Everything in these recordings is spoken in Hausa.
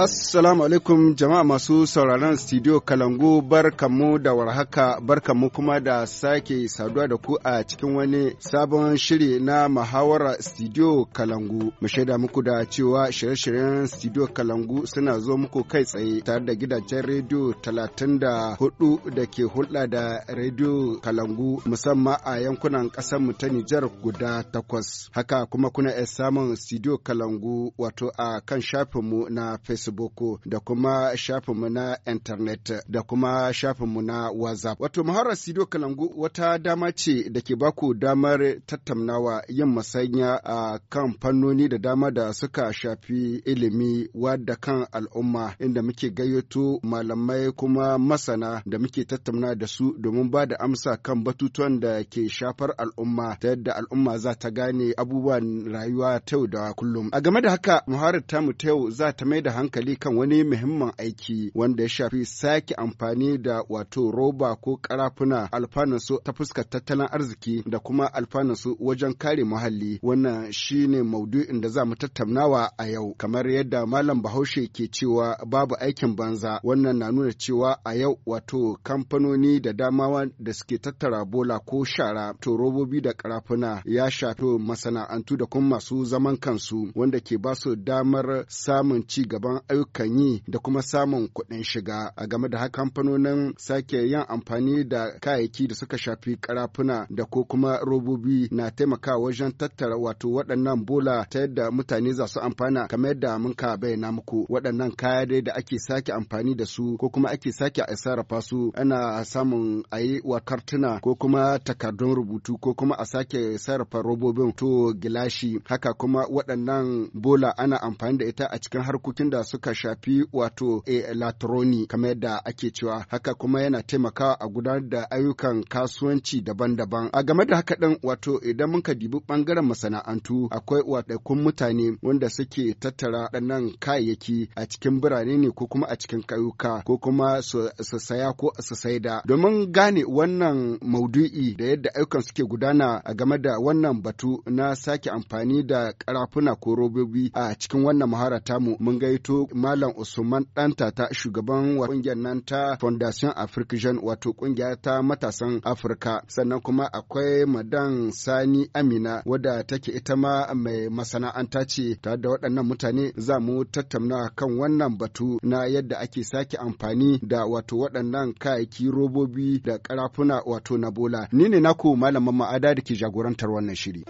Assalamu alaikum jama'a masu sauraron studio Kalangu barkanmu da warhaka barkanmu kuma da sake saduwa da ku a cikin wani sabon shiri na muhawara studio Kalangu. Mu shaida muku da cewa shirye-shiryen studio Kalangu suna zo muku kai tsaye tare da gidajen rediyo talatin da hudu da ke hulɗa da rediyo Kalangu musamman a yankunan ƙasar mu ta Nijar guda takwas. Haka kuma kuna iya samun studio Kalangu wato a kan shafinmu na Facebook. facebook da kuma shafinmu na internet da kuma shafinmu na whatsapp wato muhara sido kalangu wata dama ce da ke baku damar tattaunawa yin masanya a kan fannoni da dama da suka shafi ilimi wadda kan al'umma inda muke gayyato malamai kuma masana da muke tattauna da su domin ba da amsa kan batutuwan da ke shafar al'umma ta yadda al'umma za ta gane abubuwan rayuwa ta yau da kullum a game da haka muharar tamu ta yau za ta mai da hankali hankali kan wani muhimman aiki wanda ya shafi sake amfani da wato roba ko karafuna alfanansu ta fuska tattalin arziki da kuma alfanansu wajen kare muhalli wannan shine maudu'in da za mu tattaunawa a yau kamar yadda malam bahaushe ke cewa babu aikin banza wannan na nuna cewa a yau wato kamfanoni da damawa da suke tattara bola ko shara to robobi da karafuna ya shafi masana'antu da kuma masu zaman kansu wanda ke ba su damar samun ci gaban ayyukan yi da kuma samun kuɗin shiga a game da kamfanonin sake yin amfani da kayayyaki da suka shafi karafuna da ko kuma robobi na taimakawa wajen tattara wato waɗannan bola ta yadda mutane za su amfana kamar yadda mun ka bayyana muku waɗannan kaya dai da ake sake amfani da su ko kuma ake sake a sarrafa su ana samun a yi wa kartuna ko kuma takardun rubutu ko kuma a sake sarrafa robobin to gilashi haka kuma waɗannan bola ana amfani da ita a cikin harkokin da suka shafi wato eh, latroni kamar yadda ake cewa haka kuma yana taimakawa a gudanar da ayyukan kasuwanci daban-daban a game da haka din wato idan muka dibi bangaren masana'antu akwai waɗakun mutane wanda suke tattara ɗannan kayayyaki a cikin birane ne ko kuma a cikin ƙauyuka ko kuma su saya ko su saida domin gane wannan maudu'i da yadda ayyukan suke gudana a game da wannan batu na sake amfani da karafuna ko robobi a cikin wannan mahara tamu mun gaito Malam Usman Danta ta shugaban kungiyar nan ta Fondation African Jeune wato kungiya ta matasan Afirka sannan kuma akwai Madan Sani Amina wadda take ita ma mai masana'anta ce tare da waɗannan mutane za mu tattauna kan wannan batu na yadda ake sake amfani da wato waɗannan kayayyaki robobi da karafuna wato na bola ni ne naku malamin ma'ada da ke jagorantar wannan shiri.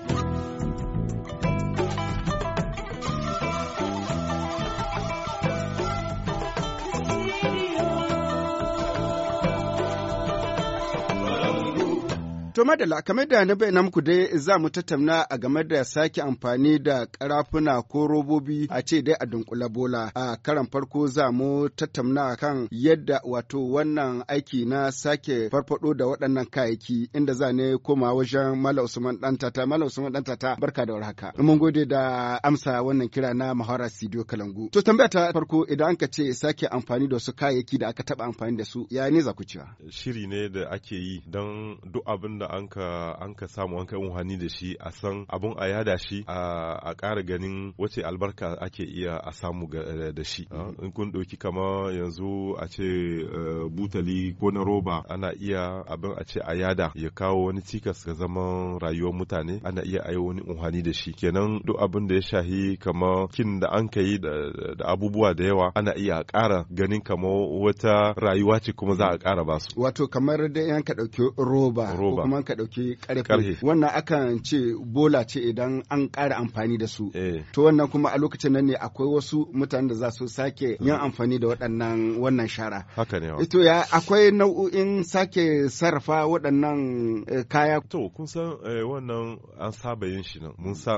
To madala, kamar da na bayyana muku dai za mu tattauna a game da sake amfani da karafuna ko robobi a ce dai a dunkula bola. A karan farko za mu tattauna kan yadda wato wannan aiki na sake farfado da waɗannan kayayyaki inda za ne koma wajen Mala Usman Dantata. Mala Usman Dantata barka da warhaka. Mun gode da amsa wannan kira na Mahara Studio Kalangu. To tambaya ta farko idan an ka ce sake amfani da wasu kayayyaki da aka taba amfani da su ya ne za ku cewa? Shiri ne da ake yi don duk abin da anka an samu an yi unhani da shi a san abun a yada shi a kara ganin wace albarka ake iya a samu eh, da shi ah. in kun ɗauki kama yanzu a ce eh, butali ko na roba ana iya abin a ce a yada ya kawo wani cikas ga zaman rayuwar mutane ana iya a yi wani unhani da shi kenan duk abin da ya shahi kama kin da an ka yi da abubuwa da yawa ana iya a ƙara ganin kama wata rayuwa ce kuma za a ƙara basu wato kamar da yanka roba roba kamar ka ɗauki ƙarfe wannan akan ce bola ce idan an ƙara amfani da su eh. to wannan kuma a lokacin nan ne akwai wasu mutane da za su sake yin hmm. amfani da waɗannan wannan shara haka ne to ya akwai nau'o'in sake sarrafa waɗannan eh, kaya to kun san eh, wannan an saba yin shi nan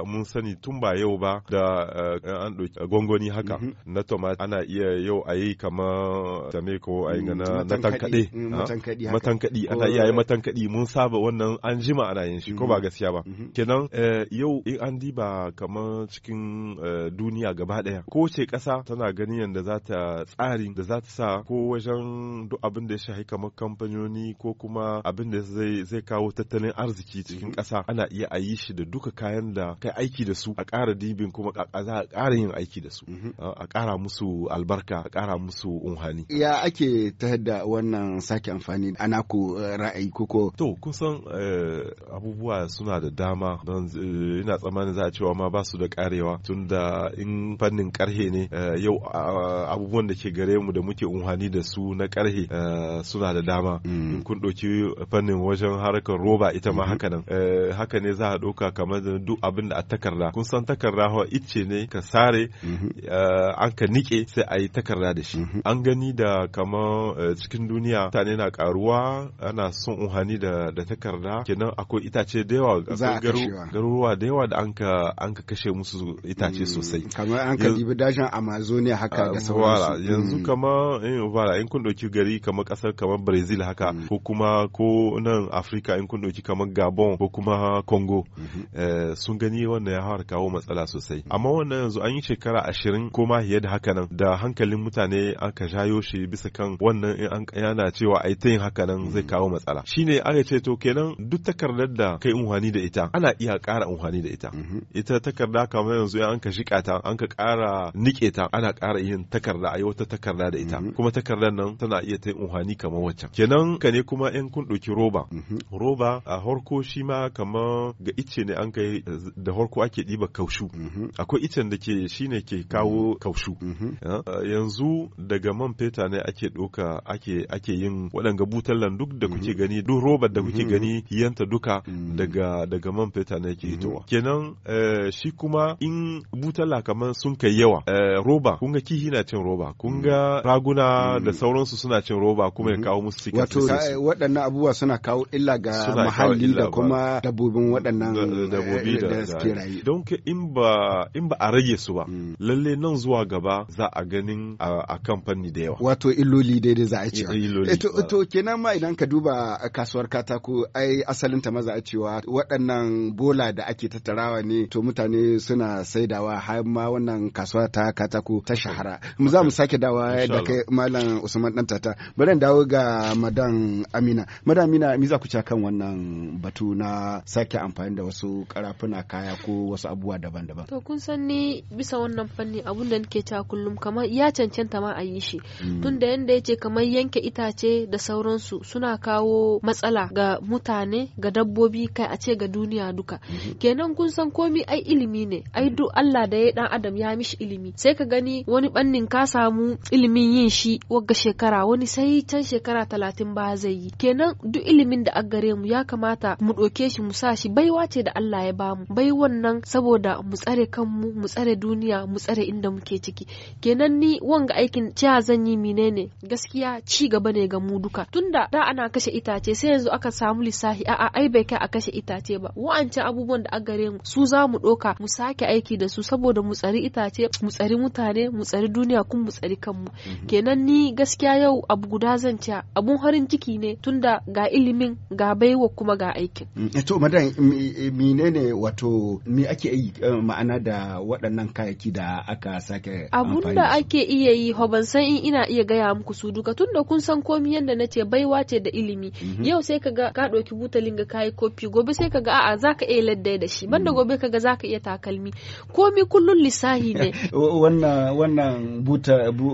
mun sani tun ba yau ba da an ɗauki gwangwani haka mm-hmm. na tomat ana iya yau a yi kamar ko a yi mm, na tankaɗe mm, ah, matankaɗi ana iya yi matankaɗi mun saba wannan an jima ana yin shi ko ba mm-hmm. gaskiya ba mm-hmm. kenan eh, yau in an diba kamar cikin eh, duniya gaba daya ko ce kasa tana ganin yadda za ta tsari da za ta sa ko wajen duk abin da ya shahi kamar kamfanoni ko kuma abin da zai kawo tattalin arziki cikin kasa mm-hmm. ana iya a yi shi da duka kayan da kai aiki da su a ƙara dibin kuma a za a ƙara yin aiki da su a ƙara musu albarka a ƙara musu unhani ya ake ta da wannan sake amfani ana ku eh, ra'ayi koko to kusan kusan eh, abubuwa suna da dama don eh, ina tsammanin za a cewa ma ba su da karewa tun da in fannin karhe ne eh, yau ah, abubuwan da ke gare mu da muke unhani da su na karhe suna da dama mm. in kun ɗauki fannin wajen harkar roba ita ma mm-hmm. haka nan haka ne za a ɗauka kamar da duk abin da a takarda kun san takarda hawa ice ne ka sare mm-hmm. an ka nike sai a yi takarda da shi mm-hmm. an gani da kamar cikin duniya mutane na karuwa ana son unhani da ta. takarda kenan akwai itace da yawa akwai garuruwa da yawa da an ka kashe musu itace hmm, sosai kamar an ka dibi dajin amazonia haka ga ah, sauransu yanzu kamar in bara in kun dauki gari kamar kasar kamar brazil haka hmm. ko kuma ko nan afirka in kun dauki kamar gabon ko kuma congo hmm. eh, sun gani wannan ya har kawo matsala sosai amma wannan yanzu an yi shekara ashirin ko ma fiye da haka nan da hankalin mutane aka jayo shi bisa kan wannan in an yana cewa ai ta yin haka nan zai kawo matsala shine aka ce to ke kenan duk takardar da kai unhwani da ita ana iya kara unhwani da ita mhm. ita takarda kamar yanzu an ka shika ta an ka ƙara nike ta ana kara yin takarda a yi wata takarda da ita mhm. kuma takardar nan tana iya ta unhwani kamar waccan kenan ka ne kuma in kun ɗauki roba mhm. roba a horko shi ma kamar ga ice ne an kai da horko ake ɗiba kaushu akwai icen da ke shine ke kawo kaushu yanzu daga man feta ne ake ɗauka ake yin waɗanga butallan duk da kuke gani duk roba da kuke gani gani yanta duka mm. daga daga man fetur ne yake mm-hmm. hitowa kenan eh, shi kuma in butala kamar sun kai yawa eh, roba kun ga kihi na cin roba kun mm. ga raguna mm. da sauransu suna cin roba kuma ya mm-hmm. kawo musu cikin wato eh, waɗannan abubuwa suna kawo illa ga muhalli da kuma dabbobin waɗannan dabbobi da suke rayu don in ba in ba a rage su ba lalle nan zuwa gaba za a ganin a kamfani da yawa wato illoli daidai za a ce to kenan ma idan ka duba kasuwar katako ai asalin ta maza a cewa waɗannan bola da ake tattarawa ne to mutane suna saidawa har ma wannan kasuwa ta katako ta shahara mu za mu sake dawa da kai malam Usman dan tata bari dawo ga madan Amina madan Amina mi za ku ci kan wannan batu na sake amfani da wasu karafuna kaya ko wasu abubuwa daban-daban to kun san ni bisa wannan fanni abun da nake cewa kullum kamar ya cancanta ma a yi shi mm. tunda yanda yace kamar yanke itace da sauransu suna kawo matsala ga mutane ga dabbobi kai a ce ga duniya duka mhm. kenan kun san komi ai ilimi ne ai duk Allah da ya dan adam ya mishi ilimi sai ka gani wani bannin ka samu ilimin yin shi wagga shekara wani sai can shekara talatin ba zai yi kenan duk ilimin da gare mu ya kamata mu ɗauke shi mu sa shi baiwa ce da Allah ya bamu bai wannan saboda mu tsare kanmu mu tsare duniya mu tsare inda muke ciki kenan ni wanga aikin cewa zan yi menene gaskiya ci gaba ne ga mu duka tunda da ana kashe itace sai yanzu aka samu lissafi a'a ai bai kai a kashe itace ba wa'ancan abubuwan da a gare mu su za mu ɗoka mu sake aiki da su saboda mu tsari itace mu tsari mutane mu tsari duniya kuma mu tsari kanmu mhm. kenan ni gaskiya yau abu guda zan ci abun harin ciki ne tunda ga ilimin ga baiwa kuma ga aikin mm, to madan menene wato me ake yi eh, ma'ana da waɗannan kayaki da aka sake abun da ake iya yi ho san in ina iya gaya muku su duka tunda kun san komi yadda na ce baiwa ce da ilimi mhm. yau sai ka ga ka ɗauki butalin ga kayi kofi gobe sai kaga a'a zaka iya ladda da shi banda mm. gobe kaga zaka iya takalmi komi kullun lissahi ne wannan wannan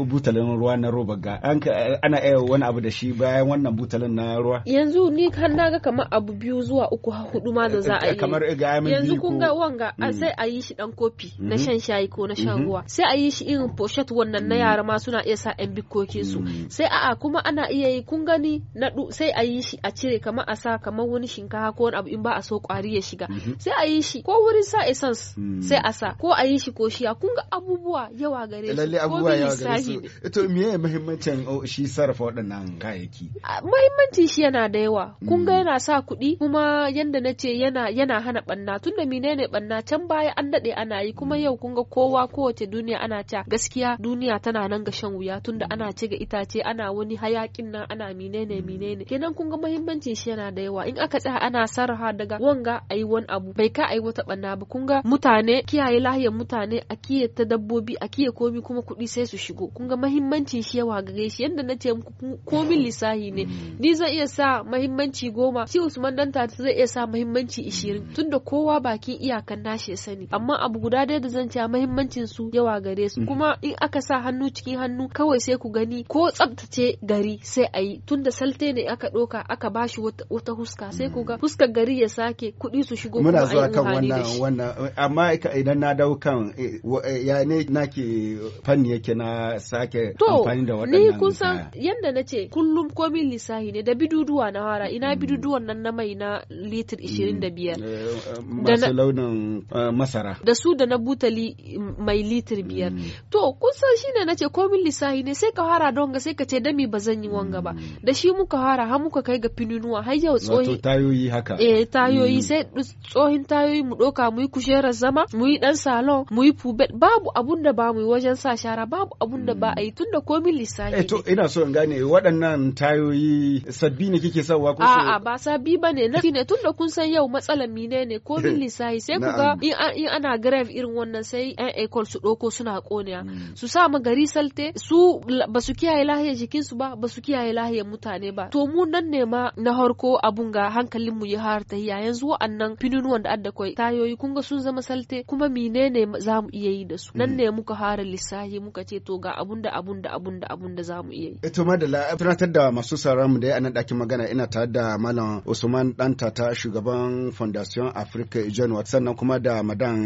butalin ruwa na roba ga ana iya wani abu da shi bayan wannan butalin na ruwa yanzu ni kan na ga kamar abu biyu zuwa uku hudu ma da za a yi kamar yanzu kun ga wanga mm. sai a yi shi dan kofi na mm-hmm. shan shayi ko na shan mm-hmm. ruwa sai a yi shi irin pochette wannan na mm. yara ma suna iya sa yan bikokin su sai a'a kuma ana iya yi kun gani na sai a yi shi a cire kamar a sa kamar wani shinkafa ko wani abu in ba a so kwari ya shiga mhm. sai a yi shi ko wurin sa essence hmm. sai a sa ko a yi shi ko shiya kun ga abubuwa yawa gare shi lalle abubuwa yawa gare shi to me ya muhimmancin oh, shi sarrafa waɗannan kayayyaki muhimmanci shi yana da yawa kun ga hmm. yana sa kuɗi kuma yanda na ce yana yana hana banna tunda menene banna can baya an daɗe ana yi kuma yau kun ga kowa kowace duniya ana ta gaskiya duniya tana nan ga shan wuya tunda ana ce ga itace ana wani hayakin nan ana menene hmm. menene kenan kun ga muhimmancin shi yana da yawa in aka tsaya ana sarrafa daga wanga ayi wani abu bai ka yi wata banna ba kun ga mutane kiyaye lahiyar mutane a kiye ta dabbobi a kiyaye komi kuma kuɗi sai su shigo kun ga mahimmancin shi yawa gare shi Yadda na ce muku komin lissahi ne mm. ni zan iya sa mahimmanci goma shi Usman Danta zai iya sa mahimmanci ishirin mm. tunda kowa bakin iyakan nashi ya sani amma abu guda dai da zan ce mahimmancin su yawa gare su mm. kuma in aka sa hannu cikin hannu kawai sai ku gani ko tsabtace gari sai a yi. tunda salte ne aka ɗoka aka bashi wata wata huska sai ku ga mm. huskar gari ya sake kuɗi su shigo muna zuwa kan wannan wannan amma idan na dau kan eh, eh, ya ne naki fanni yake na sake amfani da waɗannan ni kusan yanda na ce kullum komin lisahi ne da biduduwa na wara ina mm. biduduwan nan na mai na litir 25 mm. eh, masu launin masara da su da na butali mai litir biyar to kusan shine na ce komin ne sai ka fara don ga sai ka ce dami ba zan yi wanga ba da shi muka fara har muka kai ga fininuwa har yau tsohin wato tayoyi haka eh tayoyi mm. sai tsohin tayoyi mu doka mu yi kujerar zama mu yi dan salon mu yi pubet babu abun da ba mu yi wajen sa shara babu abun da ba a yi mm. tunda komin lissafi eh to ina so in gane waɗannan tayoyi sabbi ne kike sawa ko a'a ba sabbi bane na ne tunda kun san yau matsalar mine ne komin lissafi sai ku ga in ana grave irin wannan sai yan ecole su doko suna konewa mm. su sa mu gari salte su ba su kiyaye lahiyar jikinsu ba ba su kiyaye lahiyar mutane ba to mu nan ne ma na harko abun ga hankalin mu ya har ya yanzu wa'annan fininuwan da adda koi tayoyi kun ga sun zama salte kuma menene za mu iya yi da su nan ne muka hara lissahi muka ce to ga abun da abun da abun da abun da za mu iya yi ito tunatar da masu sauraron mu da a nan magana ina tare da malam Usman Danta ta shugaban Fondation Africa Ijon sannan kuma da madan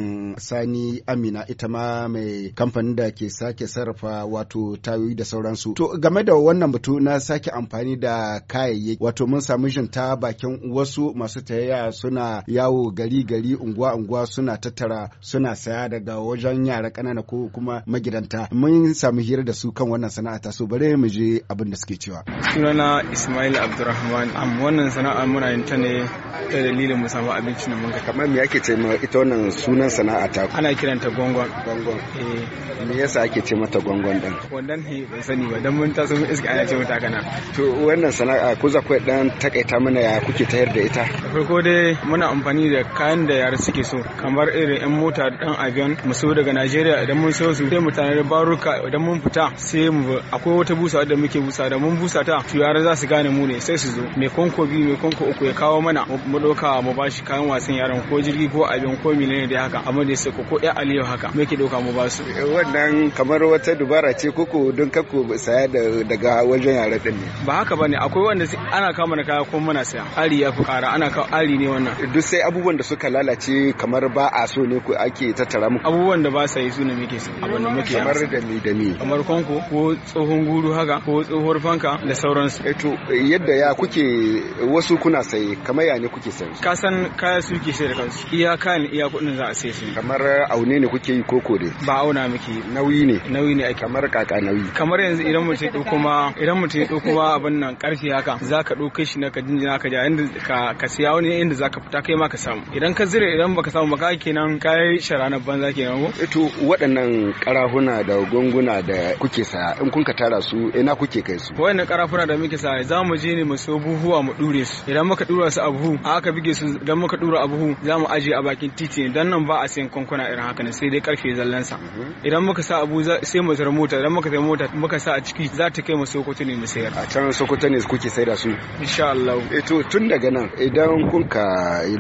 Sani Amina ita ma mai kamfanin da ke sake sarrafa wato tayoyi da sauransu to game da wannan batu na sake amfani da kayayyaki wato mun samu jinta bakin wasu masu tayaya suna yawo gari gari unguwa unguwa suna tattara suna saya daga wajen yara ƙanana ko kuma magidanta mun samu hira da su kan wannan sana'a ta so bare mu je abin da suke cewa sunana Ismail abdurrahman am wannan sana'a muna yin ta ne ta dalilin mu samu abinci na mun ka kamar me ake ce ma ita wannan sunan sana'a ta ana kiranta gongon gongon eh me yasa ake ce mata gongon din wannan he ban sani ba dan mun taso mun iska ana ce mata kana to wannan sana'a ku za ku dan takaita mana ya kuke tayar da ita farko dai muna amfani da kayan da yara suke so kamar irin yan mota dan avion mu so daga Najeriya idan mun so su sai mu da baruka idan mun fita sai mu akwai wata busa da muke busa da mun busa ta to yara za su gane mu ne sai su zo me konko bi me konko uku ya kawo mana mu doka mu shi kayan wasan yaran ko jirgi ko abin ko ne da haka amma ne sai ko ko ɗaya aliyu haka ke doka mu su eh, wannan kamar wata dubara ce koko don kako saya daga wajen yara din ne ba haka bane akwai wanda ana kama mana kaya kuma muna saya ari ya fi kara ana kawo ari ne wannan duk sai abubuwan da suka lalace kamar ba a so ne ko ake tattara muku abubuwan da ba sa yi su ne muke su abin da muke kamar da me da me kamar konko ko tsohon guru haka ko tsohuwar fanka da sauransu eh yadda ya kuke wasu kuna saye kamar ya ne kuke kuke sayar ka san kaya su ke sayar kan su iya kan iya kudin za a sayar su kamar aune ne kuke yi koko ne ba auna miki nauyi ne nauyi ne ake kamar kaka nauyi kamar yanzu idan mutum ya ɗauko ma idan mutum ya ɗauko ma abin nan karfi haka za ka ɗauke shi na ka jinjina ka ja inda ka ka siya wani inda za ka fita kai ma ka samu idan ka zira idan baka samu ba kenan kai shara na banza kenan ko eh to waɗannan karahuna da gunguna da kuke saya in kun ka tara su ina kuke kai su waɗannan karafuna da muke saya za mu je ne mu so buhuwa mu dure su idan muka dura su a buhu aka bige su dan muka dura a buhu za mu aje a bakin titi dan nan ba a sayan kwankwana irin haka ne sai dai karfe sa mhm. idan muka sa abu sai mu zara mota idan muka sai mota muka sa a ciki za ta kai mu Sokoto ne mu sayar a can Sokoto ne kuke saida su insha Allah eh to tun daga nan idan kun ka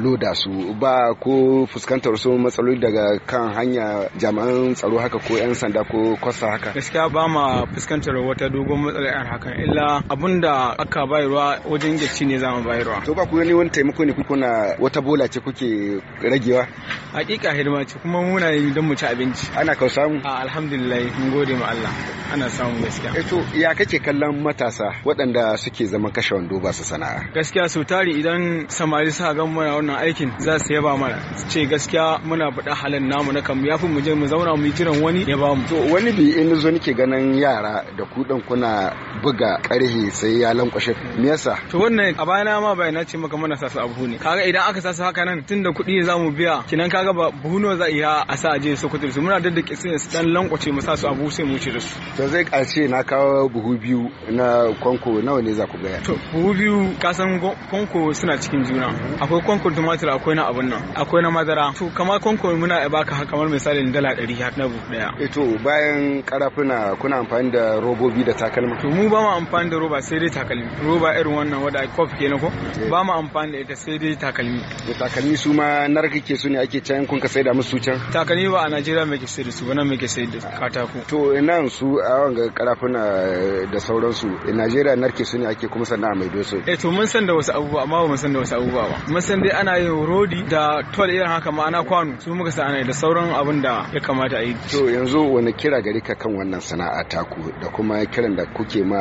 loda su ba ko fuskantar su matsaloli daga kan hanya jami'an tsaro haka ko yan sanda ko kwasa haka gaskiya ba ma fuskantar wata dogon matsala irin haka illa abinda aka bayarwa wajen gaci ne za mu bayarwa to ba ku gani wani taimako taimako ne kuna wata bola ce kuke ragewa hakika hidima ce kuma muna yin don mu ci abinci ana kau samu a alhamdulillah mun gode ma Allah ana samu gaskiya Eto eh ya kake kallon matasa waɗanda suke zama kashe wando ba su sana'a gaskiya su tari idan samari suka ga mana wannan aikin za su yaba mana ce gaskiya muna faɗa halin namu na kam yafi mu je mu zauna mu yi jiran wani ya ba mu to wani bi in zo nake ganin yara da ku dan kuna buga karhe sai ya lankwashe me yasa to wannan a bayana ma bayana ce maka mana sasa buhu ne kaga idan aka sasu haka nan tunda kuɗi za mu biya kinan kaga ba buhu nawa za a iya a sa aje su kuɗi su muna daddake su ne su dan lankwace mu sa su a buhu sai mu wuce da su to zai kace na kawo buhu biyu na konko nawa ne za ku gaya to buhu biyu ka san konko suna cikin juna akwai konko tumatir akwai na abun nan akwai na madara to kamar konko muna baka kamar misalin dala 100 na buhu eh to bayan karafuna kuna amfani da robobi da takalma to mu ba mu amfani da roba sai dai takalmi roba irin wannan wadda kofi kenan ko eh. ba mu amfani da ita sai dai takalmi da takalmi su ma nar kake su ne ake can kun ka sai da musu can takalmi ba a Najeriya muke sai da su ba nan muke sai da katako to nan su a wanga karafuna eh, da sauransu Najeriya nar ke su ne ake kuma sannan a mai su eh to mun san da wasu abubuwa amma ba mun san da wasu abubuwa ba mun san dai ana yin rodi da tol irin haka ma ana kwano su muka sa ana da sauran abin da ya kamata a yi to yanzu wani kira gari ka kan wannan sana'a taku da kuma kiran da kuke ma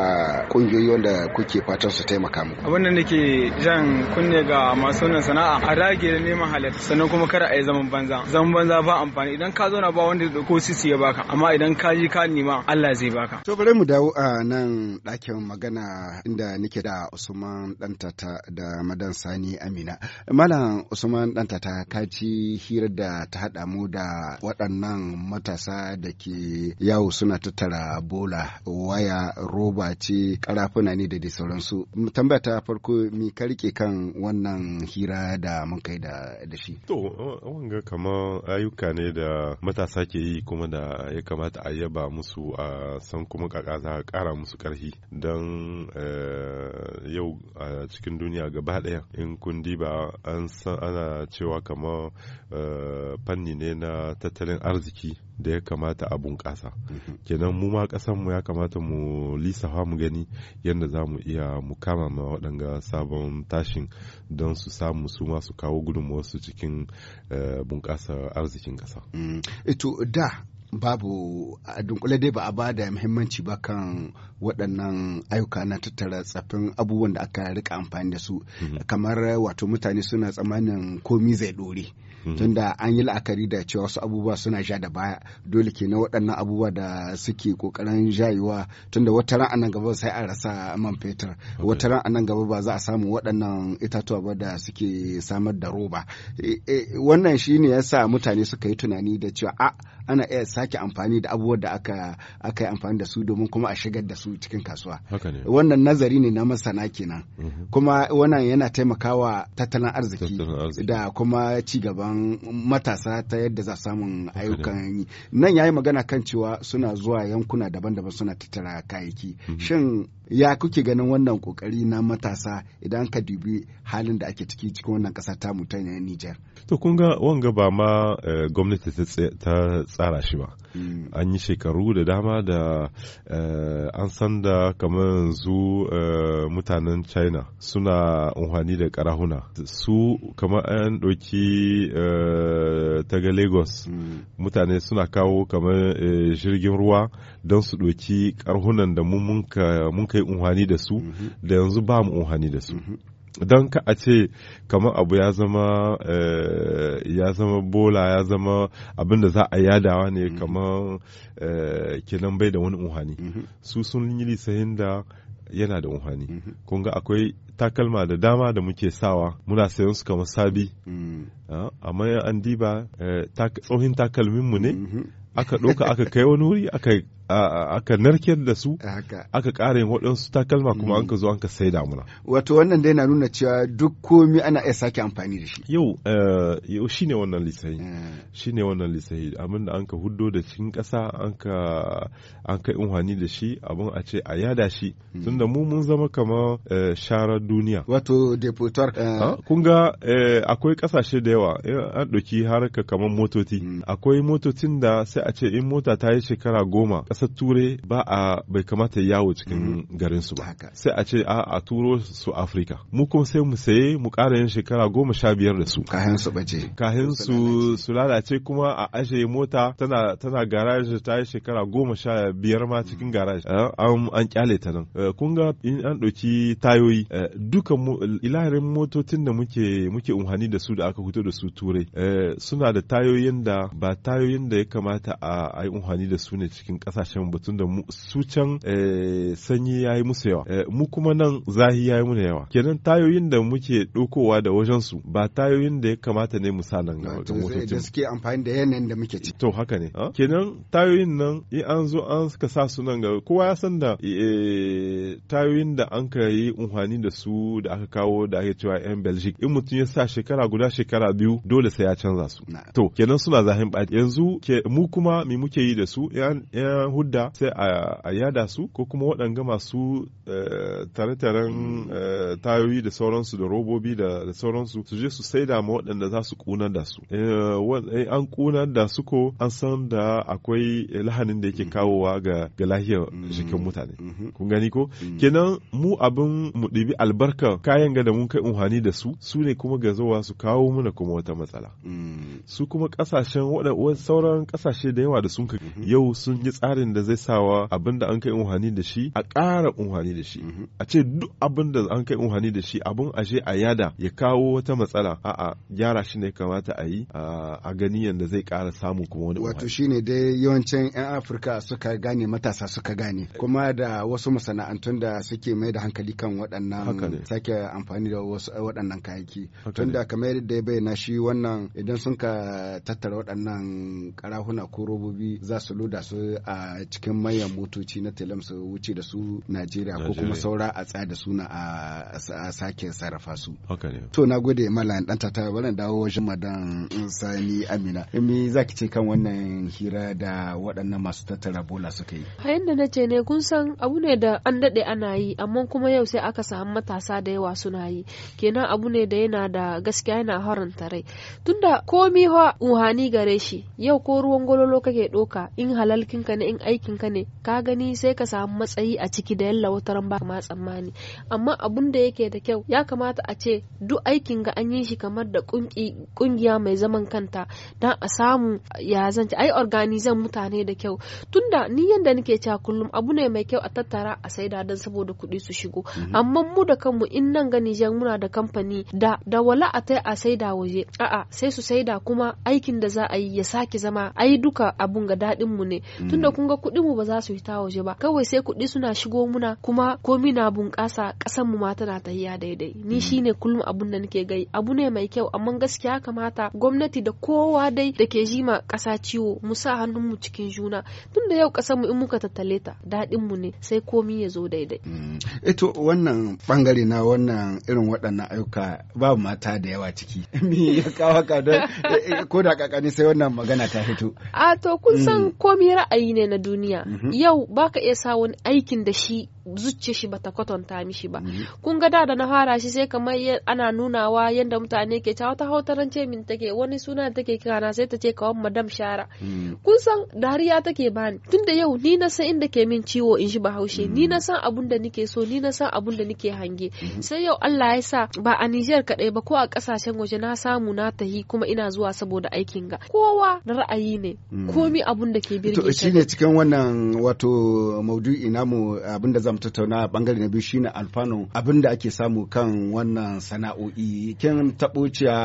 kungiyoyi wanda kuke fatan su taimaka muku abin da nake jan kunne ga masu wannan sana'a a dage da neman halal sannan kuma kada a yi zaman banza zaman banza ba amfani idan ka zauna ba wanda ko sisi ya baka amma idan ka ji ka nema Allah zai baka to bari mu dawo a nan ɗakin magana inda nake da Usman Dantata da Madan Sani Amina malam Usman Dantata ka ci hira da ta hada mu da waɗannan matasa da ke yawo suna tattara bola waya roba ce karafuna ne da dai sauransu tambaya ta farko mi ka rike kan wannan wannan hira da mun kai da shi to wanga kama ayyuka ne da matasa ke yi kuma da ya kamata a yaba musu a san kuma kaka za a kara musu karfi don eh, yau a cikin duniya gaba daya in kun diba an san ana cewa kama eh, fanni ne na tattalin arziki da ya kamata a bunƙasa mhm. kenan mu ma mu ya kamata mu lissafa mu gani yadda za mu iya mu kama ma waɗanga sabon tashin don su samu su ma su kawo gudunmuwarsu cikin eh, bunƙasa arzikin ƙasa. ito mm. eh, da babu a dunkule dai ba a ba da muhimmanci ba kan waɗannan ayyuka na tattara tsafin abubuwan da aka rika amfani da su mhm. kamar wato mutane suna tsammanin komi zai ɗore. Mhm. tunda an yi la'akari da cewa wasu abubuwa suna sha da baya dole ke na waɗannan abubuwa da suke ƙoƙarin jayewa tunda wata ran anan gaba sai a rasa man fetur wata ran anan gaba ba za a samu waɗannan itatuwa ba da suke samar da roba e, e, wannan shine yasa mutane suka yi tunani da cewa a ana iya sake amfani da abubuwan da aka aka yi amfani da su domin kuma a shigar da su cikin kasuwa wannan nazari ne na masana kenan mhm. kuma wannan yana taimakawa tattalin arziki da kuma ci gaban matasa ta yadda za samun ayyukan yi nan yayi magana kan cewa suna zuwa yankuna daban-daban suna tattara kayayyaki mhm. shin ya kuke ganin wannan kokari na matasa idan ka dubi halin da ake ciki cikin wannan ƙasa ta mutane ta Nijar. To kun wanga ba ma eh, gwamnati ta tsara shi ba. Mm. an yi shekaru da dama da eh, an san da kamar yanzu eh, mutanen china suna unhani da karahuna su kamar an ɗauki eh, taga lagos mm. mutane suna kawo kamar jirgin ruwa don su ɗauki karhunan da mun kai unhani da su mm-hmm. da yanzu ba mu unhani da su mm-hmm. don ka a ce kamar abu ya zama eh, ya zama bola ya zama abin da za a yadawa ne mm-hmm. kamar eh, kenan bai da wani unhani mm-hmm. su sun yi lisayin da yana da unhani mm-hmm. kun ga akwai takalma da dama da muke sawa muna sayan su kamar sabi mm. ah, amma an diba eh, tsohin takalminmu ne aka ɗauka aka kai wani wuri aka aka narkar da su aka ƙara yin waɗansu takalma kuma mm. an ka zo an ka sai damuna. Wato wannan dai na nuna cewa duk komi ana iya sake amfani da shi. Yau eh, yau shi ne wannan lisahi eh. shi ne wannan lisahi abin da an ka huddo da cikin ƙasa an ka an da shi abin a ce a yada shi mm. tunda mu mun zama kamar eh, sharar duniya. Wato depotar. Kun ga akwai ƙasashe da yawa an ɗauki harka kamar motoci mm. akwai motocin da sai a ce in mota ta yi shekara goma kasar turai ba a bai kamata yawo cikin mm-hmm. garin su ba sai a ce a a turo su afirka mu kuma sai mu saye mu ƙara yin shekara goma sha biyar da su kahin su Baje. kahin su su lalace kuma a ashe mota tana tana garage ta yi shekara goma sha biyar ma cikin garage eh, an kyale ta nan eh, kun ga in an ɗauki tayoyi eh, duka ilaharin motocin da muke muke umhani da su da aka fito da su turai suna da tayoyin da ba tayoyin da ya kamata a yi umhani da su ne cikin ƙasashe kasashen batun da su can eh, sanyi ya yi musu yawa eh, mu kuma nan zahi ya yi muna yawa kenan tayoyin da muke ɗaukowa da wajen su ba tayoyin da ya kamata ne mu sa nan ga motocin da suke amfani da yanayin da muke ci to haka ne ah? kenan tayoyin nan in an zo an ka sa su nan ga kowa ya san da eh, tayoyin da an ka yi unhani da su da aka kawo da ake cewa yan belgic in mutum ya sa shekara guda shekara biyu dole sai ya canza su to kenan suna zahin ba yanzu mu kuma mi muke yi da su yan labudda sai a yada su ko kuma waɗanga masu eh, tare-taren eh, tayoyi da sauransu da robobi da sauransu su je su saida ma waɗanda za su ƙunar da su eh, an ƙunar da su ko an san da akwai lahanin da yake mm. kawowa ga lahiyar mm. jikin mutane mm-hmm. kun gani ko mm. kenan mu abin mu ɗibi albarka kayan ga da mun kai unhani da su su ne kuma ga zuwa su kawo mana kuma wata matsala su kuma ƙasashen sauran ƙasashe da yawa da sun mm-hmm. yau sun yi tsarin aikin da zai sawa abin da an kai unhani da shi a ƙara unhani da shi mhm. a ce duk abin da an kai unhani da shi abin ashe a yada ya kawo wata matsala a'a gyara shi ne kamata a yi a gani yadda zai ƙara samu kuma wani wato shine dai yawancin 'yan afirka suka gane matasa suka gane eh. kuma da wasu masana'antun da suke mai da hankali kan waɗannan sake amfani da waɗannan kayaki tunda kamar yadda ya bayyana shi wannan idan sun ka tattara waɗannan karahuna ko robobi za su loda su a a cikin manyan motoci na telem su wuce da su najeriya ko kuma saura a tsaya da suna a sake sarrafa su to na gode malam dan tata wannan dawo wajen madan sani amina me zaki ce kan wannan hira da waɗannan masu tattara bola suka yi a yadda na ce ne kun san abu ne da an daɗe ana yi amma kuma yau sai aka samu matasa da yawa suna yi kenan abu ne da yana da gaskiya yana haranta rai tunda komi ha ruhani gare shi yau ko ruwan gololo kake ɗoka in halalkinka ne in aikin ka ne ka gani sai ka samu matsayi a ciki da yalla ran ba ma tsammani amma abun da yake da kyau ya kamata a ce duk aikin ga an yi shi kamar da kungiya mai zaman kanta dan a samu ya zance ai organizan mutane da kyau tunda ni yanda nake cewa kullum abu ne mai kyau a tattara a saida dan saboda kuɗi su shigo mhm. amma mu da kanmu in nan gani Nijar muna da kamfani da da wala a tai a saida waje a'a sai su saida kuma aikin da za a yi ya sake zama ai duka abun ga daɗin mu ne mhm. tunda kun ga kuɗin mu ba za su fita waje ba kawai sai kuɗi suna shigo muna kuma komi na bunƙasa ƙasan mu ma tana tahiya daidai ni mm. shine kullum abun da nake gai abu ne mai kyau amma gaskiya kamata gwamnati da kowa dai da ke jima ƙasa ciwo mu sa hannun mu cikin juna tunda yau ƙasar mu in muka tattale ta daɗin mu ne sai komi ya zo daidai mm. eto eh wannan bangare na wannan irin waɗannan ayyuka ba mata da yawa ciki me ya kawo ka da eh, eh, ko da kakani sai wannan magana ta fito a to kun san mm. komi ra'ayi ne na duniya mhm. yau baka iya sa wani aikin da shi zuciya shi bata kwatanta mishi ba mm-hmm. kun ga da na fara shi sai kamar ana nunawa yadda mutane ke cewa ta hautarance min take wani suna take kira na sai ta ce kawan madam shara mm-hmm. kun san dariya take bani tunda yau ni na san inda ke min ciwo in shi bahaushe ni mm-hmm. na san abun da nike so ni na san abun da nike hange sai yau Allah ya sa ba a Niger kadai ba ko a kasashen waje na samu na tahi kuma ina zuwa saboda aikin ga kowa da ra'ayi ne komi abun da ke birge shi shine cikin wannan wato maudu'i namu abin da zan. mu tattauna bangare na biyu shine alfano abin da ake samu kan wannan sana'o'i kin taɓociya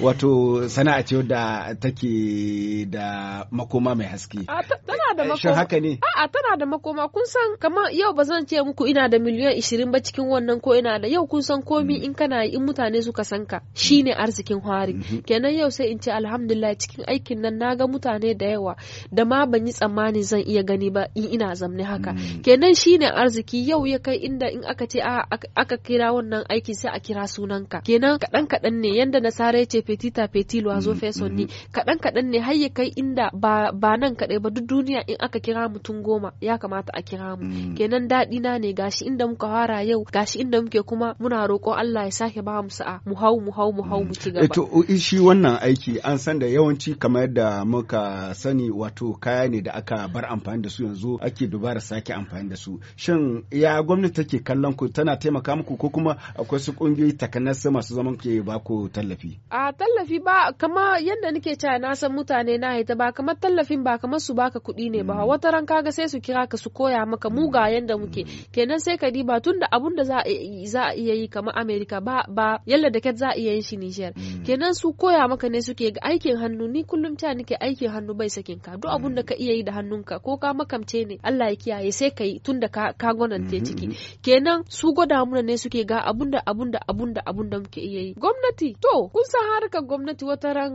wato sana'a ce da take da makoma mai haske tana da eh, makoma shin haka ne a'a tana da makoma kun san kamar yau ba zan ce muku ina da miliyan 20 ba cikin wannan ko ina da yau kun san komi mm. in kana yi in mutane suka san ka shine arzikin hwari mm-hmm. kenan yau sai in ce alhamdulillah cikin aikin nan ga mutane da yawa da ma ban yi tsammani zan iya gani ba in ina zamne haka mm. kenan shine arziki yau ya kai inda in aka ce aka kira wannan aiki sai a kira sunanka kenan kaɗan kaɗan ne yanda nasara ya ce petita peti a zo mm-hmm. ni mm-hmm. kaɗan kaɗan ne har ya kai inda ba nan kaɗai ba duk duniya in aka kira mutum goma ya kamata a kira mu mm. kenan daɗi na ne gashi inda muka fara yau gashi inda muke kuma muna roƙo Allah ya sake ba mu sa'a mu hau mu hau mu hau mu ci gaba. Eh to shi wannan aiki an san da yawanci kamar yadda muka sani wato kaya ne da aka bar amfani da su yanzu ake dubara sake amfani da su shin ya gwamnati take kallon ku tana taimaka muku ko kuma akwai su kungiyoyi takanas masu zaman ke ba ku tallafi a tallafi ba kama yadda nake cewa na san mutane na haita ba kama tallafin ba kamar su baka kuɗi ne ba mm. wata ran kaga sai su kira ka su koya maka muga mm. yadda muke mm. kenan sai ka diba tun da abun da za a iya yi kamar America ba ba yalla da kat za a iya yin shi Niger kenan su koya maka ne suke ga aikin hannu ni kullum ta nake aikin hannu bai sakin ka duk abun da ka iya yi da hannunka ko ka makamce ne Allah ya kiyaye sai ka yi da ka gona. wannan ciki mm-hmm. kenan su gwada muna ne suke ga abunda abunda abunda abunda muke iya yi gwamnati to kun san harkar gwamnati wata ran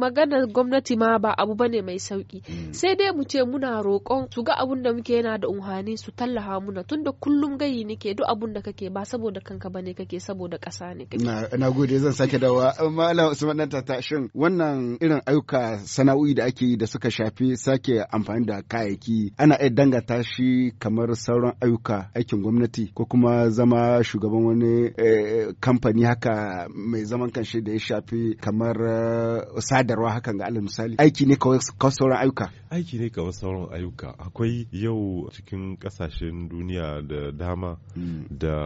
magana gwamnati ma ba abu bane mai sauki mm. sai dai mu ce muna roƙon su ga abun muke yana da unhani su tallaha muna tunda kullum gayi nake duk abun da kake ba saboda kanka bane kake saboda ƙasa ne kake na gode zan sake dawa malam Usman dan tata shin wannan irin ayyuka sana'o'i da ake yi da suka shafi sake amfani da kayayyaki ana iya dangata shi kamar sauran ayyuka aikin gwamnati ko kuma zama shugaban wani eh, kamfani haka mai zaman kanshi da ya shafi kamar eh, sadarwa hakan ga alal misali aiki ne kawai sauran ayyuka aiki ne kawai sauran ayyuka akwai yau cikin kasashen duniya da dama hmm. da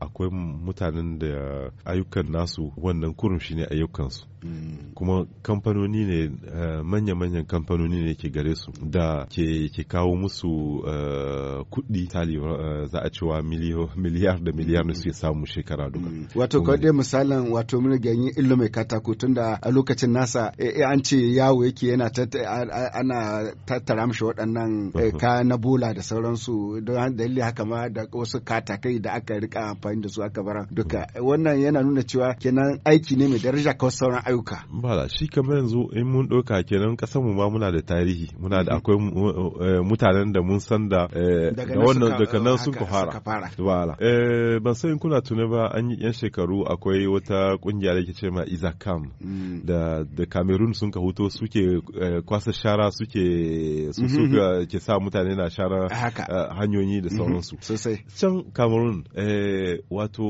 akwai mutanen da ayyukan nasu wannan kurum shine ayyukansu kuma kamfanoni ne eh, manya-manyan kamfanoni ne ke gare su da ke kawo musu eh, kuɗi tali eh, za a cewa miliyar da miliyar na suke samu shekara duka mm. wato kawai dai misalin wato mun ganyen illo mai katako tunda a lokacin nasa an ce yawo yake yana ana tattara mishi waɗannan ka na bola da sauransu don dalili haka ma da wasu katakai da aka rika amfani da su aka bara duka wannan yana nuna cewa kenan aiki ne mai daraja kawai sauran rayuka bala shi kamar yanzu in mun ɗauka kenan ƙasar mu ma muna da tarihi muna da mhm. akwai eh, mutanen da mun san da eh, wannan daga nan sun fara bala eh, ban san kuna tuna ba an yi yan shekaru akwai wata kungiya da ke ce ma Izakam mm. da da Cameroon sun ka huto suke kwasa shara suke su mhm, suka mhm. ke sa mutane na shara hanyoyi da sauransu sosai can Cameroon wato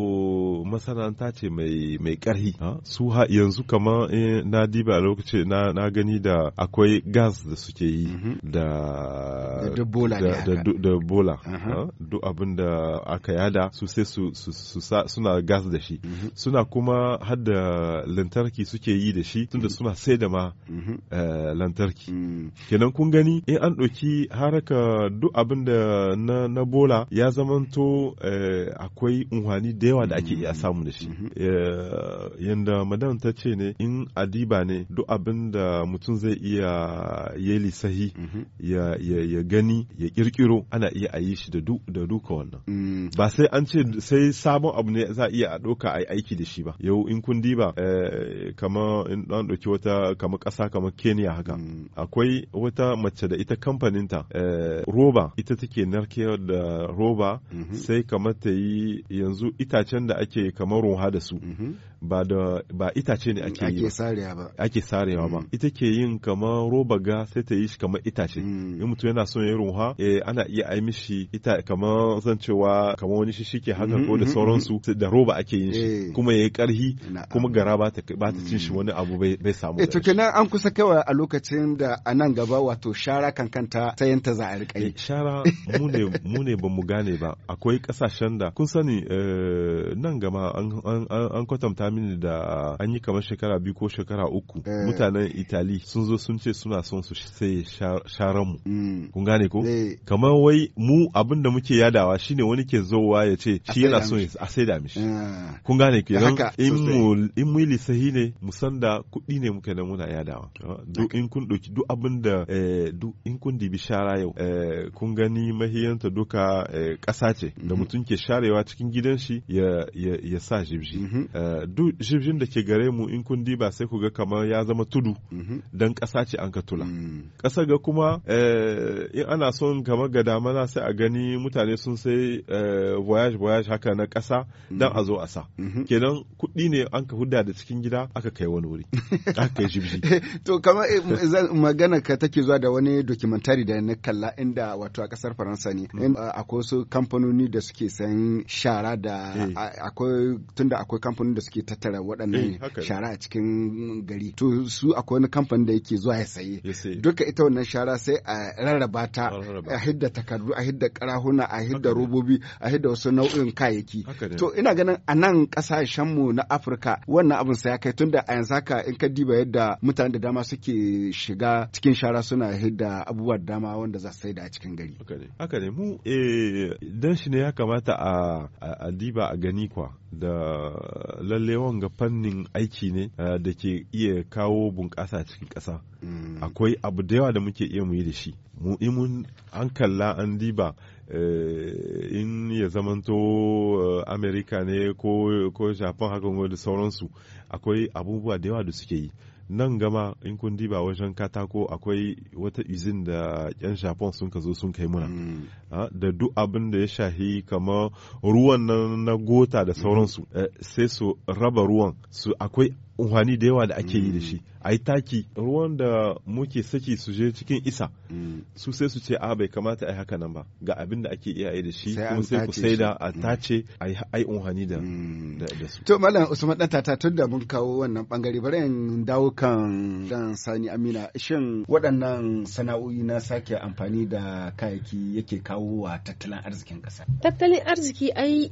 masana'anta ce mai mai ƙarhi su yanzu kamar amma eh, na diba a lokaci na gani da akwai gas da suke yi mhm. da da bola ah, duk abin da aka yada su sai suna gas da shi mhm. suna kuma hadda lantarki suke yi da shi tunda mhm. suna sai da ma eh, lantarki mm. kenan kun gani in an ɗauki haraka duk abin da na bola ya zamanto eh, akwai unhani da yawa da ake iya mm. samu da shi yadda madam ta ce ne in adiba ne duk abin da mutum zai iya mhm. ya sahi. ya gani ya kirkiro ana iya ayi shi da duka wannan mm. ba sai an ce sai sabon abu ne za a iya a ɗauka a aiki da shi ba yau in kun diba eh, kamar in ɗan ɗauki wata kama ƙasa kama kenya haka mm. akwai wata mace da ita kamfaninta eh, roba ita take narke da roba mhm. sai kamar ta yi yanzu itacen da ake kamar roha da su mhm. ba da ba itace ne ake yi ake sarewa ba mm. ita ke yin kamar roba ga sai ta yi shi kamar itace mm. in mutum yana son yin ruwa eh ana iya ai mishi ita kamar zan cewa kamar wani ke haka mm-hmm, ko da mm-hmm, sauransu mm-hmm. da roba ake yin shi eh. kuma yayi karhi kuma gara ba ta ba ta cin shi mm. wani abu bai samu eh to kenan an kusa kawai a lokacin da a nan gaba wato shara kankanta yanta za a rika yi eh, shara mu ne mu ne bamu gane ba akwai kasashen da kun sani eh, nan gama an kwatanta mini da an yi kamar shekara biyu ko shekara uku eh. mutanen Itali sun zo sun ce suna son su sai sharan mu. Mm. Kun gane ko? Eh. Kamar wai mu abin da muke yadawa shine wani ke zowa ya ce shi yana son a sai da mishi. Ah. Kun gane ke idan in mu sahi ne mu san da kuɗi ne muke nan muna yadawa. Duk in kun ɗauki duk abin da eh, duk in kun dibi shara yau kun gani mahiyanta duka ƙasa ce da mm-hmm. mutum ke sharewa cikin gidan shi ya sa jibji. duk jirgin da ke gare mu in kun diba sai ku ga kamar ya zama tudu mhm. dan ƙasa ce an ka tula mm. ƙasa ga kuma eh, in ana son kamar ga damana sai a gani mutane sun sai eh, voyage voyage haka na ƙasa mm. dan a zo a sa mhm. kenan kuɗi ne an ka hudda da cikin gida aka kai wani wuri aka kai jirgi to kamar eh, magana ka take zuwa da wani dokumentari da na kalla inda wato a ƙasar Faransa ne mm. akwai wasu kamfanoni da suke sayan shara da akwai tunda akwai kamfanoni da suke tattara waɗannan eh, shara a cikin gari to su akwai wani kamfani da yake zuwa ya saye duka ita wannan shara sai a rarraba ta a hidda takardu a hidda karahuna a hidda robobi a hidda wasu nau'in kayayyaki to ina ganin a nan mu na afirka wannan abin sa ya kai tunda a yanzu haka in ka diba yadda mutane da dama suke shiga cikin shara suna hidda abubuwa da dama wanda za su saida a cikin gari haka ne mu eh dan shi ne ya kamata a diba a gani kwa da lalle yawan ga fannin aiki ne eh, da ke iya kawo bunƙasa cikin ƙasa mm. akwai abu da yawa da muke iya mu yi da shi mu mun an kalla an diba eh, in ya zamanto eh, amerika ne ko japan haka da sauransu akwai abubuwa da yawa da suke yi nan gama in kun diba wajen katako akwai wata izin da yan shafon sun ka zo sun kai muna mm. ah, da duk abin da ya shahi kamar ruwan na gota da mm-hmm. sauransu eh, sai su raba ruwan su akwai unhani da yawa da ake yi da mm. shi a yi taki ruwan da muke saki su je cikin isa mm. su sai su ce a ah, bai kamata a yi haka nan ba ga abin da ake iya yi da shi kuma sai ku sai da a mm. tace a yi unhani da su. to malam usman dan tata tun da mun kawo wannan bangare bari in dawo kan dan sani amina shin waɗannan sana'o'i na sake amfani da kayayyaki yake kawo wa tattalin arzikin ƙasa. tattalin arziki ai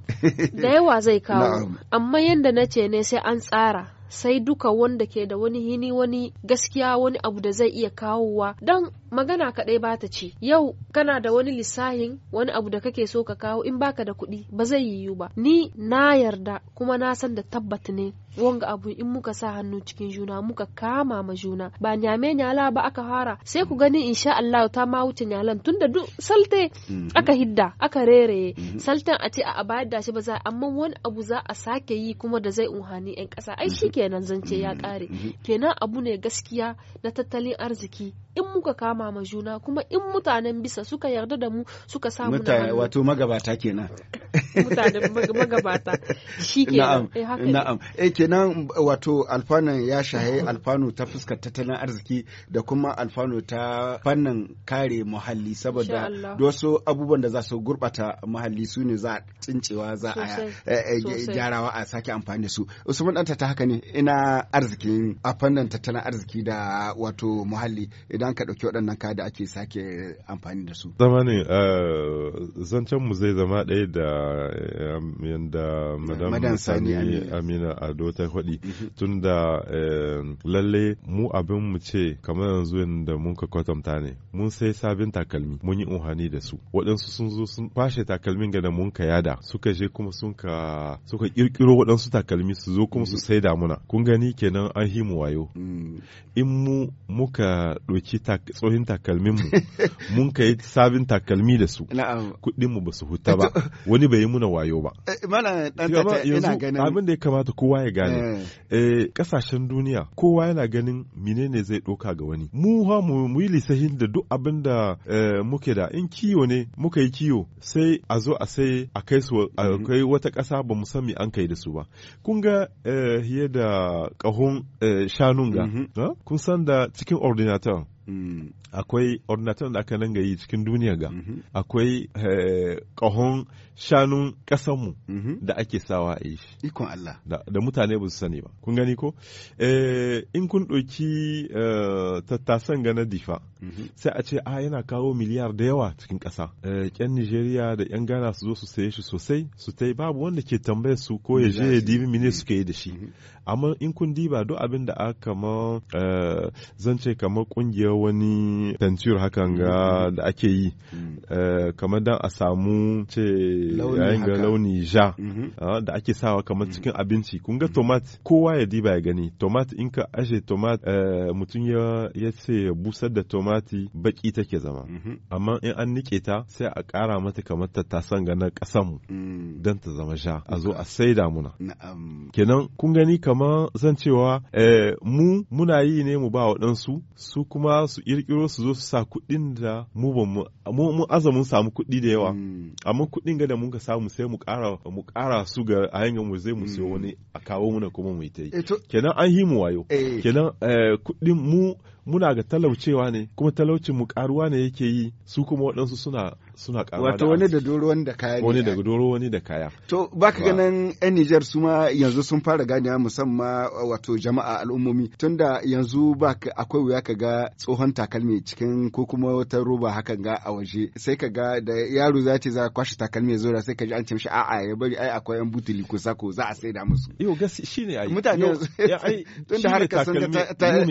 da yawa zai kawo amma yadda na ce ne sai an tsara sai duka wanda ke da wani hini wani gaskiya wani abu da zai iya kawowa don magana kaɗai ba ta ce yau kana da wani lissahin wani abu da kake so ka kawo in baka da kuɗi ba zai yiwu ba ni na yarda kuma na san da tabbat ne wanga abu in muka sa hannu cikin juna muka kama ma juna ba nyame nyala ba aka fara sai ku gani insha Allah ta ma wuce nyalan tunda duk salte mhm. aka hidda aka rereye mhm. saltan a ce a bayar da shi ba za amma wani abu za a sake yi kuma da zai unhani yan kasa ai mhm. shikenan zance ya kare kenan abu ne gaskiya na tattalin arziki in muka kama ma juna kuma in mutanen bisa suka yarda da mu suka samu na wato magabata kenan mutanen magabata shikenan eh haka na'am eh, kenan wato alfanun ya shahe alfanu ta fuskar tattalin arziki da kuma alfanu ta fannin kare muhalli saboda wasu abubuwan da za su gurbata muhalli su ne za a tsincewa za a eh, eh, gyarawa a sake amfani da su usman ɗanta ta haka ne ina arzikin a fannin tattalin arziki da wato muhalli idan ka ɗauki waɗannan kada da ake sake amfani da su zama ne eh, zancen mu zai zama ɗaya da yadda madam sani amina ado ta faɗi mhm. da eh, lalle mu abin mu ce kamar yanzu da mun ka kwatanta ne mun sai sabin takalmi mun yi unhani da su waɗansu sun zo sun fashe takalmin ga da mun ka yada suka je kuma sun ka suka kirkiro waɗansu takalmi su zo kuma su mhm. saida muna kun gani kenan an hi mu wayo mm. in mu muka ɗauki tsohin takalmin mu mun ka yi sabin takalmi da su kuɗin mu ba su huta ba wani bai yi muna wayo ba eh, abin da ya kamata kowa ya gane mm. eh kasashen duniya kowa yana ganin menene zai ɗoka ga wani mu ha mu yi lisahin da duk abin da eh, muke da in kiwo ne muka yi kiwo sai a zo a sai a kai su mm-hmm. kai wata ƙasa ba mu sami an kai da su ba kun ga hiye eh, da kahun eh, shanun ga mm-hmm. kun san da cikin ordinator Mm. akwai ordinator da aka nanga yi cikin duniya ga mm-hmm. akwai eh, ƙahon shanun ƙasanmu mm-hmm. da ake sawa a yi shi Allah da mutane ba su sani ba kun gani ko eh, in kun ɗauki eh, tattasan ga na difa mm-hmm. sai a ce a ah, yana kawo miliyar da yawa cikin ƙasa yan Nijeriya da yan Ghana su zo su saye shi sosai su ta babu wanda ke tambaye su ko ya je ya dibi mine suke yi da shi amma in kun diba duk abin da aka zance kamar kungiyar wani tantiyar hakan mm. ga da ake yi mm. eh, kamar dan a samu ce yayin ga launi ja mm-hmm. ah, da ake sawa kamar mm. cikin abinci kun ga tomat kowa ya diba ya gani tomat in ka ashe tomat eh, mutum ya ce busar da tomati baki take zama mm-hmm. amma in an nike ta sai a kara mata kamar tattasan ga na kasan dan ta zama ja a zo a saida muna kenan kun gani kamar zan cewa eh, mu muna yi ne mu ba waɗansu su kuma su kirkiro su zo su sa kuɗin da mu ba mu mu aza mun samu kuɗi da yawa mm. amma kuɗin ga da mun ka samu sai mu ƙara mu ƙara su ga a hanyar mu zai mu siyo mm. wani a kawo muna kuma mu yi ta yi eh, kenan an yi mu wayo eh. kenan eh, kuɗin mu muna ga talaucewa ne kuma talaucin mu karuwa ne yake yi su kuma waɗansu suna suna karuwa wato wani da doro wani da kaya wani da doro wani da kaya to baka ganin yan Nijar su ma yanzu sun fara ganewa musamman wato jama'a al'ummomi tunda yanzu baka akwai wuya ka ga tsohon takalmi cikin ko kuma wata roba hakan ga a waje sai ka ga da yaro za ta za a kwashe takalmi ya zora sai ka ji an ce mishi a'a ya bari ai akwai yan butuli ko sako za a saida musu yo gas shine ai mutane tun da harkar sun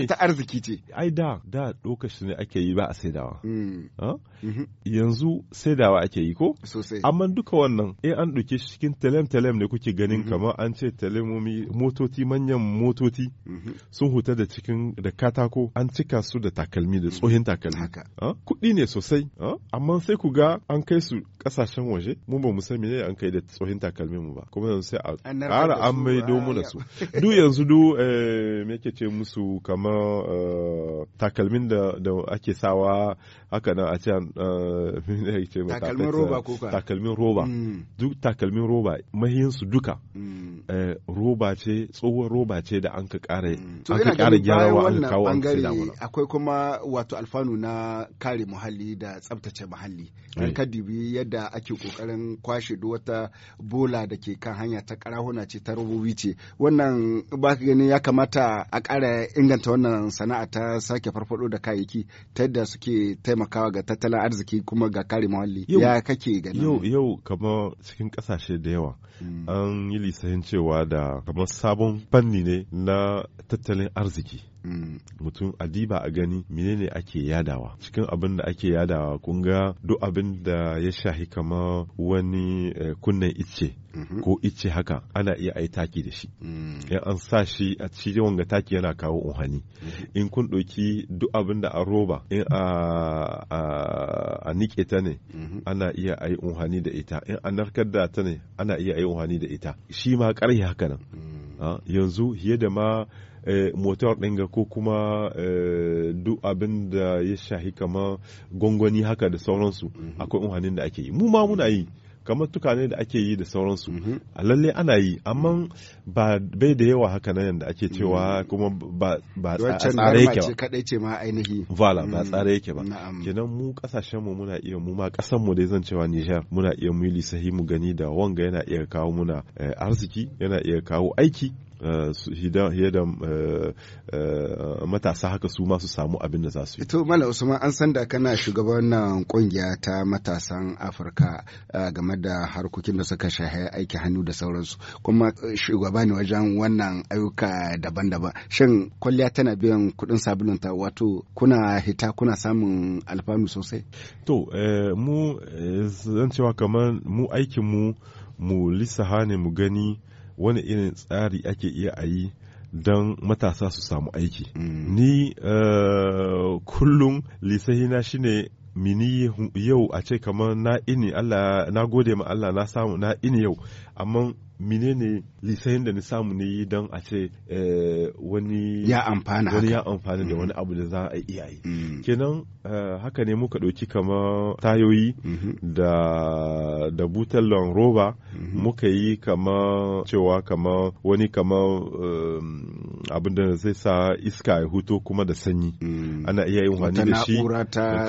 ta arziki ce ai da da lokacin ne ake yi ba a saidawa mm. ah? mm-hmm. yanzu saidawa ake yi ko sosai amma duka wannan eh an ɗauke shi cikin telem-telem ne kuke ganin mm-hmm. kamar an ce telemomi motoci manyan motoci mm-hmm. sun huta da cikin da katako an cika su da takalmi takalmi da tsohin takalmi ah, kuɗi ne sosai ah, amma sai ku ga an kai su kasashen waje mu ba mu san menene an kai da tsohin takalmi mu ba kuma yanzu sai a ƙara an maido muna ah, su du yanzu du eh, me ke ce musu kamar eh, takalmin da ake sawa haka nan a ce eh, takalmin roba ko ka takalmin roba mm. duk takalmin roba mahiyin su duka mm. eh, roba ce tsohon roba ce da an ka kare mm. an ka kare wa an kawo an ce akwai kuma wato alfanu na kare muhalli da tsabtace muhalli dan eh. ka dubi yadda ake kokarin kwashe duk wata bola da ke kan hanya ta karahuna ce ta robobi ce wannan ba ka gani ya kamata a kara inganta wannan sana'a ta sake farfado da kayayyaki ta yadda suke taimaka taimakawa ga tattalin arziki kuma ga kare muhalli ya kake gani yau yau kama cikin kasashe da yawa mm. an yi lisahin cewa da kamar sabon fanni ne na tattalin arziki mutum a diba a gani menene ake yadawa cikin abin da ake yadawa kun ga duk abin da ya shahi kama wani eh, kunnen icce mhm. ko icce haka ana iya ai taki da shi mm. in an sa shi a cikin wanga taki yana kawo unhani mm-hmm. in kun ɗauki duk abin da a roba in a nike ta ne mm-hmm. ana iya ai unhani da ita in a narkar da ta ne ana iya ai unhani da ita shi ma ƙarya haka nan mm. ah, yanzu fiye da ma Eh, motor ɗin ga ko kuma eh, duk abin da ya shahi kamar gongoni haka da sauransu mhm. akwai unhanin da ake yi mu ma muna yi kamar tukane da ake yi da sauransu mhm. a lalle ana yi amma ba bai da yawa haka nan da ake cewa mhm. kuma ba tsare yake ba kadai ce ma ainihi vala ba tsare yake ba kenan mu kasashen mu muna iya mu ma kasan mu dai zan cewa Niger muna iya mu lisahi mu gani da wanga yana iya kawo muna eh, arziki yana iya kawo aiki Eh, da eh, eh, matasa haka su ma su samu abin da za su yi. ito Mala Usman an san da kana shugaban wannan kungiya ta matasan Afirka game da harkokin da suka shahe aiki hannu da sauransu kuma shugaba ne wajen wannan ayyuka daban-daban. Shin kwalliya tana biyan kuɗin ta wato kuna hita kuna samun alfanu sosai? To mu zan cewa kamar mu aikin mu mu ne mu gani wani irin tsari ake iya a yi don matasa su samu aiki. Mm. Ni eh, kullum lisahina shine mini yau a ce kamar na ini Allah na gode ma Allah na samu na ini yau amma menene lisayin da ni samu ne yi don a ce eh, wani ya amfana wani ya amfana da mm. wani abu da za a iya yi mm. kenan eh, haka ne muka ɗauki kama tayoyi mm-hmm. da da butalon roba mm-hmm. muka yi kama cewa kama wani kama um, abin da zai sa iska ya huto kuma da sanyi mm. ana iya yin wani da shi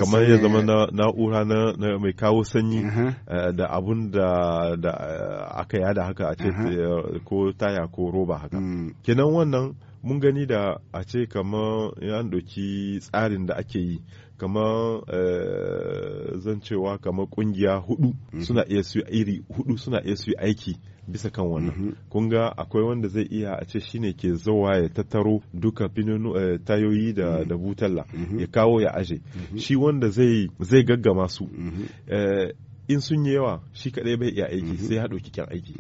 kamar ya zama na'ura na mai kawo sanyi mm-hmm. eh, da abun da aka yada haka a Eh, ko taya ko roba haka mm. kenan wannan mun gani da a ce kamar ya ɗauki tsarin da ake yi kamar eh, zan cewa kamar ƙungiya hudu mm-hmm. suna iya su iri hudu suna iya su aiki bisa kan wannan mm-hmm. kun ga akwai wanda zai iya a ce shine ke zawa ya tattaro duka finonu eh, tayoyi da mm-hmm. da butalla ya kawo ya aje shi wanda zai zai gaggama su in sun yi yawa shi kaɗai bai iya aiki sai ya ɗauki kyan aiki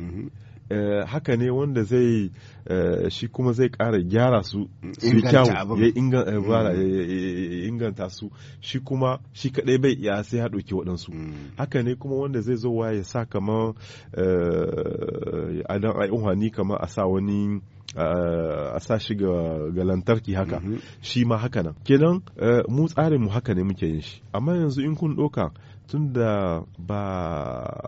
Eh, haka ne wanda zai eh, shi kuma zai kara gyara su su kyawu eh, mm. ya inganta su shi kuma shi kaɗai bai ya sai ya waɗansu mm. haka ne kuma wanda zai zo ya sa kamar adan ayyuhani kamar a sa wani a sa shi ga lantarki haka mm-hmm. shi ma haka nan kenan mu tsarin mu haka ne muke yin shi amma yanzu in kun ɗauka tunda ba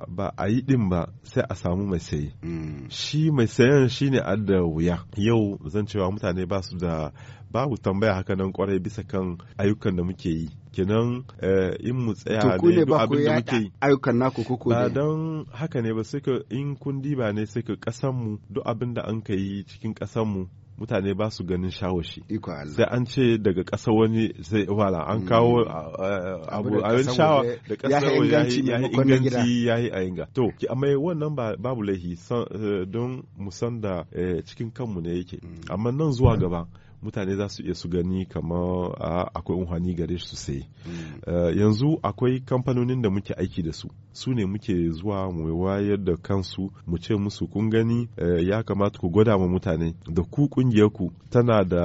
ba a yi din ba sai a samu mai sayi mm. shi mai sayan shi shine adda wuya yau zan cewa mutane ba su da babu tambaya haka nan kwarai bisa kan ayyukan da muke yi kenan eh, in mu tsaya ne duk abin da muke yi ayyukan naku koko ba don haka ne ba sai ka in kun diba ne sai ka kasan mu duk abin da an ka yi cikin kasan mu mutane ba su ganin shawashi sai an ce daga ƙasa wani sai wala an mm. kawo abu a shawa da ƙasa ya yi inganci ya yi a inga to ki amma wannan babu laihi eh, don mu da eh, cikin kanmu ne yake mm. amma nan zuwa gaba mutane za su iya su gani kamar akwai unhani gare su sai hmm. eh, yanzu akwai kamfanonin da muke aiki da su su ne muke zuwa mu wayar da kansu mu ce musu kun gani eh, ya kamata ku gwada ma mutane da ku kungiyar ku tana da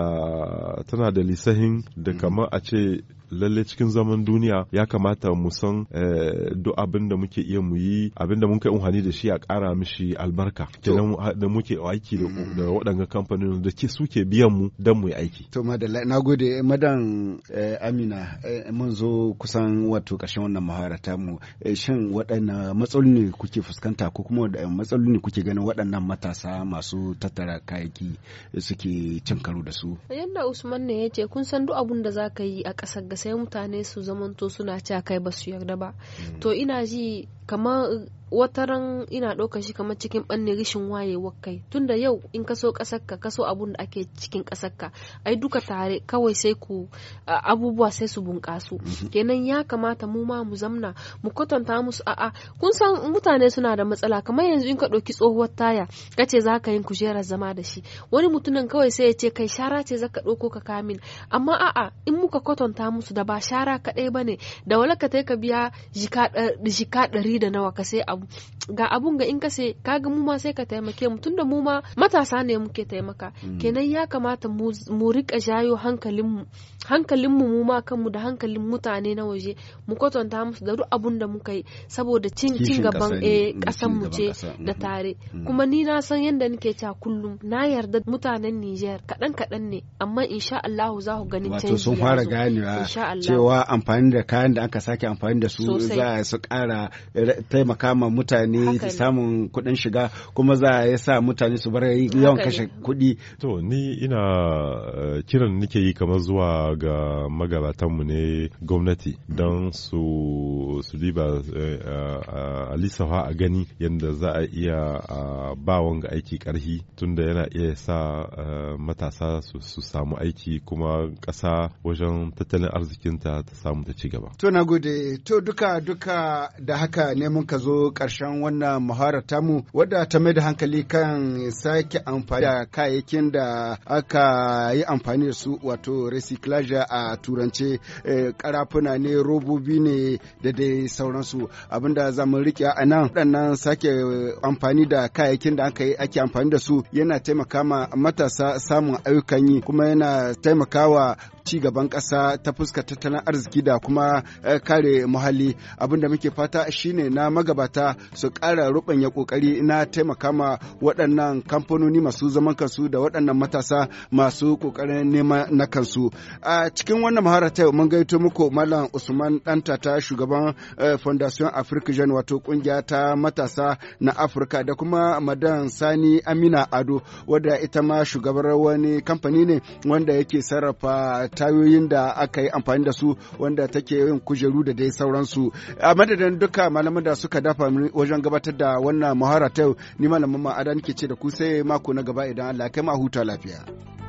tana da lisahin da hmm. kamar a ce lalle cikin zaman duniya ya kamata mu san eh, duk abin da muke iya mu yi abin da muka unhani da shi a kara mishi albarka kenan da muke aiki da mm. kamfanin da ke suke biyan mu don mu yi aiki to madalla na gode eh, madan eh, amina mun zo kusan wato ƙarshen wannan muharata mu shin waɗannan matsaloli ne kuke fuskanta ko kuma matsaloli ne kuke ganin waɗannan matasa masu tattara kayayyaki suke cin karo da su yadda usman ne ya ce kun san duk abun da za ka yi a ƙasar sai mutane su zamanto suna ca kai ba su yarda ba mm. to ina ji kamar ran ina ɗauka shi kamar cikin ɓanne rashin wayewar kai tunda yau in kaso ƙasarka kaso abun da ake cikin ƙasarka ai duka tare kawai sai ku abubuwa sai su bunƙasu mhm. kenan ya kamata mu ma mu zamna mu kwatanta musu a'a kun san mutane suna da matsala kamar yanzu in ka ɗauki tsohuwar taya kace za ka yin kujerar zama da shi wani mutumin kawai sai ya ce kai shara ce za ka ɗauko ka kamin amma a'a in muka kwatanta musu da ba shara kaɗai ne da wala ka ka biya jika ɗari da nawa ka sai abu abu ga abun ga in ka sai ka ga ma sai ka taimake mu tunda mu ma matasa ne muke taimaka mm. kenan ya kamata mu rika jayo hankalin hankalin mu ma kanmu da hankalin mutane na waje mu kwatanta musu da duk abun da muka yi saboda cin cin gaban kasan eh, mm, mu ce da mm-hmm. tare mm. kuma ni na san yadda nake ta kullum na yarda mutanen Niger kadan kadan ne amma insha Allah za ku ganin canji wato sun fara ganewa cewa amfani da kayan da aka sake amfani da su za su kara eh, taimaka ma mutane samun kuɗin shiga kuma za ya sa mutane su bar yawan kashe kuɗi. To ni ina eh, kiran nake yi kamar zuwa ga magabatanmu ne gwamnati don su su diba eh, eh, a lissafa a gani yadda za a iya ba wanga aiki karhi tunda yana iya sa matasa su samu aiki kuma ƙasa wajen tattalin arzikinta ta samu ta ci gaba. To na gode to duka duka da haka ne mun ka zo ƙarshen wannan muharar tamu wadda ta mai da hankali kan sake amfani da kayayyakin da aka yi amfani da su wato recyclage a turance karafuna eh, ne robobi ne da dai sauransu abinda za mu rike a nan waɗannan sake amfani da kayayyakin da aka yi ake amfani da su yana taimaka ma matasa samun ayyukan yi kuma yana taimakawa ci gaban ƙasa ta fuskar tattalin arziki da kuma eh, kare muhalli abin da muke fata shine na magabata su ƙara rubanya ƙoƙari na taimaka ma waɗannan kamfanoni masu zaman kansu da waɗannan matasa masu ƙoƙarin nema na kansu a cikin wannan mahara ta mun gaito muku Mallam usman ɗanta ta shugaban eh, fondation africa jeune wato ƙungiya ta matasa na afirka da kuma madan sani amina ado wadda ita ma shugabar wani kamfani ne wanda yake sarrafa tayoyin da aka yi amfani da su wanda take yin kujeru da dai sauransu a madadin duka malaman da suka dafa wajen gabatar da wannan muhara ta yau ni malamin ma'ada nake ce da ku sai mako na gaba idan Allah kai ma huta lafiya